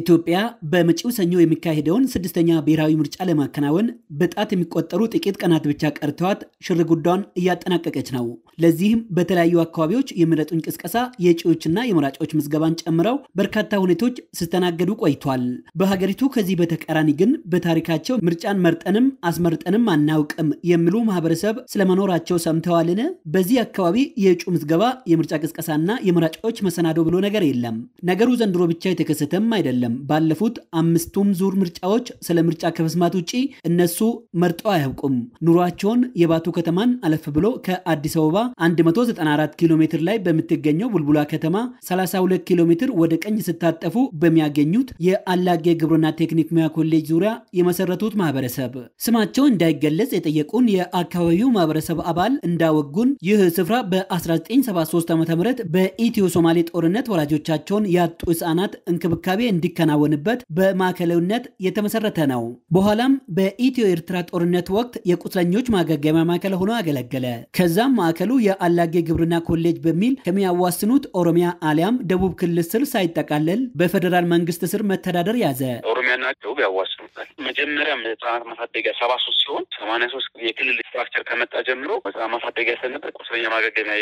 ኢትዮጵያ በመጪው ሰኞ የሚካሄደውን ስድስተኛ ብሔራዊ ምርጫ ለማከናወን በጣት የሚቆጠሩ ጥቂት ቀናት ብቻ ቀርተዋት ሽርጉዷን እያጠናቀቀች ነው። ለዚህም በተለያዩ አካባቢዎች የምረጡኝ ቅስቀሳ፣ የእጩዎችና የመራጮች ምዝገባን ጨምረው በርካታ ሁኔቶች ስተናገዱ ቆይቷል። በሀገሪቱ ከዚህ በተቃራኒ ግን በታሪካቸው ምርጫን መርጠንም አስመርጠንም አናውቅም የሚሉ ማህበረሰብ ስለመኖራቸው ሰምተዋልን? በዚህ አካባቢ የእጩ ምዝገባ፣ የምርጫ ቅስቀሳና የመራጮች መሰናዶ ብሎ ነገር የለም። ነገሩ ዘንድሮ ብቻ የተከሰተም አይደለም። ባለፉት አምስቱም ዙር ምርጫዎች ስለ ምርጫ ከመስማት ውጪ እነሱ መርጠው አያውቁም። ኑሯቸውን የባቱ ከተማን አለፍ ብሎ ከአዲስ አበባ 194 ኪሎ ሜትር ላይ በምትገኘው ቡልቡላ ከተማ 32 ኪሎ ሜትር ወደ ቀኝ ስታጠፉ በሚያገኙት የአላጌ ግብርና ቴክኒክ ሙያ ኮሌጅ ዙሪያ የመሰረቱት ማህበረሰብ ስማቸው እንዳይገለጽ የጠየቁን የአካባቢው ማህበረሰብ አባል እንዳወጉን ይህ ስፍራ በ1973 ዓ ም በኢትዮ ሶማሌ ጦርነት ወላጆቻቸውን ያጡ ህፃናት እንክብካቤ እንዲከናወንበት በማዕከላዊነት የተመሰረተ ነው። በኋላም በኢትዮ ኤርትራ ጦርነት ወቅት የቁስለኞች ማገገሚያ ማዕከል ሆኖ አገለገለ። ከዛም ማዕከሉ የአላጌ ግብርና ኮሌጅ በሚል ከሚያዋስኑት ኦሮሚያ አሊያም ደቡብ ክልል ስር ሳይጠቃለል በፌዴራል መንግስት ስር መተዳደር ያዘ። ኦሮሚያና ደቡብ ያዋስኑታል። መጀመሪያ ህጻናት ማሳደጊያ ሰባ ሶስት ሲሆን ሰማንያ ሶስት የክልል ስትራክቸር ከመጣ ጀምሮ ህጻናት ማሳደጊያ ስለነበር ቁስለኛ ማገገሚያ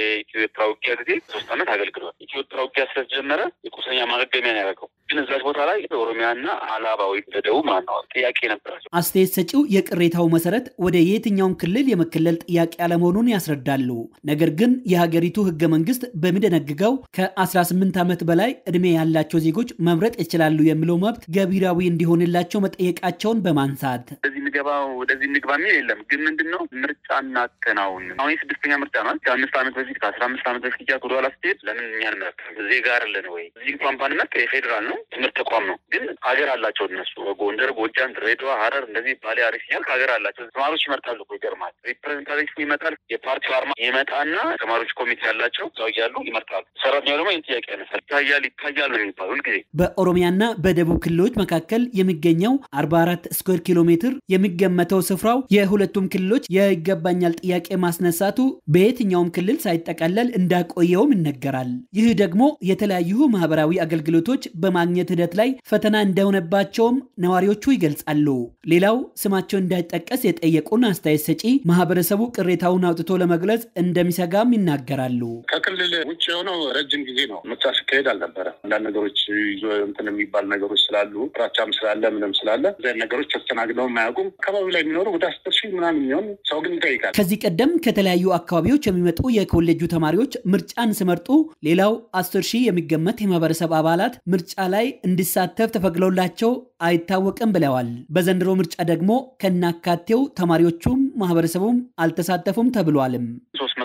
ኤርትራ ውጊያ ጊዜ ሶስት አመት አገልግሏል። ኤርትራ ውጊያ ስለተጀመረ የቁስለኛ ማገገሚያ ነው ያደረገው። ግን እዛች ቦታ ላይ ኦሮሚያና አላባ ወይም ደቡብ ማነው ጥያቄ ነበራቸው። አስተያየት ሰጪው የቅሬታው መሰረት ወደ የትኛውም ክልል የመክለል ጥያቄ አለመሆኑን ያስረዳሉ። ነገር ግን የሀገሪቱ ህገ መንግስት በሚደነግገው ከ18 ዓመት በላይ እድሜ ያላቸው ዜጎች መምረጥ ይችላሉ የሚለው መብት ገቢራዊ እንዲሆንላቸው መጠየቃቸውን በማንሳት እዚህ ንገባ ወደዚህ እንግባ የሚል የለም። ግን ምንድን ነው ምርጫ እናከናውን አሁን የስድስተኛ ምርጫ ነው። ከአምስት ዓመት በፊት ከአስራ አምስት ዓመት በፊት ያ ወደኋላ ስትሄድ ለምን እኛን መ ዜጋ አይደለን ወይ? እዚህ እንኳን ባንመርጥ የፌዴራል ነው ትምህርት ተቋም ነው። ግን ሀገር አላቸው እነሱ ጎንደር፣ ጎጃም፣ ድሬዳዋ፣ ሀረር እንደዚህ ባሌ፣ አሪፍ እያልክ ሀገር አላቸው ተማሪዎች ይመርጣሉ። ይገርማል። ሪፕሬዘንታቲቭ ይመጣል። የፓርቲ አርማ ይመጣና ተማሪዎች ኮሚቴ ያላቸው እዛው እያሉ ይመርጣሉ። ሰራተኛው ደግሞ ይህን ጥያቄ ያነሳል። ይታያል ይታያል ነው የሚባል ሁልጊዜ። በኦሮሚያና በደቡብ ክልሎች መካከል የሚገኘው አርባ አራት ስኩዌር ኪሎ ሜትር የሚገመተው ስፍራው የሁለቱም ክልሎች የይገባኛል ጥያቄ ማስነሳቱ በየትኛውም ክልል ሳይጠቃለል እንዳቆየውም ይነገራል። ይህ ደግሞ የተለያዩ ማህበራዊ አገልግሎቶች በማግኘ የማግኘት ሂደት ላይ ፈተና እንደሆነባቸውም ነዋሪዎቹ ይገልጻሉ። ሌላው ስማቸው እንዳይጠቀስ የጠየቁን አስተያየት ሰጪ ማህበረሰቡ ቅሬታውን አውጥቶ ለመግለጽ እንደሚሰጋም ይናገራሉ። ከክልል ውጭ የሆነው ረጅም ጊዜ ነው ምርጫ ሲካሄድ አልነበረ። አንዳንድ ነገሮች ይዞ እንትን የሚባል ነገሮች ስላሉ ፍራቻም ስላለ ምንም ስላለ እዚያን ነገሮች ተስተናግደው አያውቁም። አካባቢ ላይ የሚኖሩ ወደ አስር ሺህ ምናምን የሚሆን ሰው ግን ይጠይቃል። ከዚህ ቀደም ከተለያዩ አካባቢዎች የሚመጡ የኮሌጁ ተማሪዎች ምርጫን ሲመርጡ ሌላው አስር ሺህ የሚገመት የማህበረሰብ አባላት ምርጫ ላይ ላይ እንዲሳተፍ ተፈቅዶላቸው አይታወቅም ብለዋል። በዘንድሮ ምርጫ ደግሞ ከናካቴው ተማሪዎቹም ማህበረሰቡም አልተሳተፉም ተብሏልም።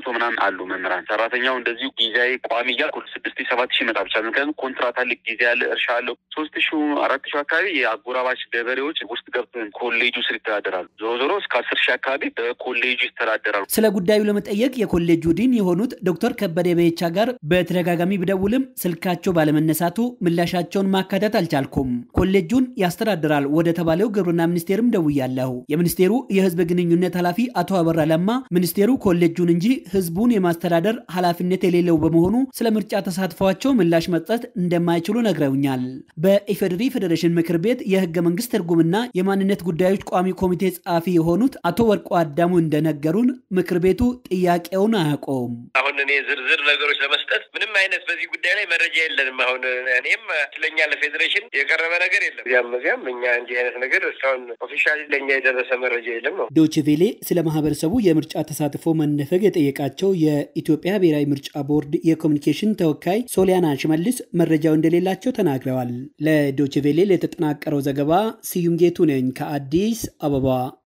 መቶ ምናምን አሉ መምህራን። ሰራተኛው እንደዚሁ ጊዜያዊ ቋሚ እያል ስድስት ሰባት ሺህ መጣ ብቻ። ምክንያቱም ኮንትራት አለ፣ ጊዜ አለ፣ እርሻ አለ። ሶስት ሺ አራት ሺ አካባቢ የአጎራባች ገበሬዎች ውስጥ ገብተን ኮሌጁ ስር ይተዳደራሉ። ዞሮ ዞሮ እስከ አስር ሺ አካባቢ በኮሌጁ ይተዳደራሉ። ስለ ጉዳዩ ለመጠየቅ የኮሌጁ ዲን የሆኑት ዶክተር ከበደ በየቻ ጋር በተደጋጋሚ ብደውልም ስልካቸው ባለመነሳቱ ምላሻቸውን ማካተት አልቻልኩም። ኮሌጁን ያስተዳድራል ወደ ተባለው ግብርና ሚኒስቴርም ደውያለሁ። የሚኒስቴሩ የህዝብ ግንኙነት ኃላፊ አቶ አበራ ለማ ሚኒስቴሩ ኮሌጁን እንጂ ህዝቡን የማስተዳደር ኃላፊነት የሌለው በመሆኑ ስለ ምርጫ ተሳትፏቸው ምላሽ መስጠት እንደማይችሉ ነግረውኛል። በኢፌዴሪ ፌዴሬሽን ምክር ቤት የህገ መንግስት ትርጉምና የማንነት ጉዳዮች ቋሚ ኮሚቴ ጸሐፊ የሆኑት አቶ ወርቆ አዳሙ እንደነገሩን ምክር ቤቱ ጥያቄውን አያውቀውም። አሁን እኔ ዝርዝር ነገሮች ለመስጠት ምንም አይነት በዚህ ጉዳይ ላይ መረጃ የለንም። አሁን እኔም ስለኛ ለፌዴሬሽን የቀረበ ነገር የለም። እዚያም እዚያም እኛ እንዲህ አይነት ነገር እስካሁን ኦፊሻል ለኛ የደረሰ መረጃ የለም ነው ዶችቬሌ ስለ ማህበረሰቡ የምርጫ ተሳትፎ መነፈግ የጠየቃል መጠየቃቸው የኢትዮጵያ ብሔራዊ ምርጫ ቦርድ የኮሚኒኬሽን ተወካይ ሶሊያና ሽመልስ መረጃው እንደሌላቸው ተናግረዋል። ለዶችቬሌ የተጠናቀረው ዘገባ ስዩም ጌቱ ነኝ ከአዲስ አበባ።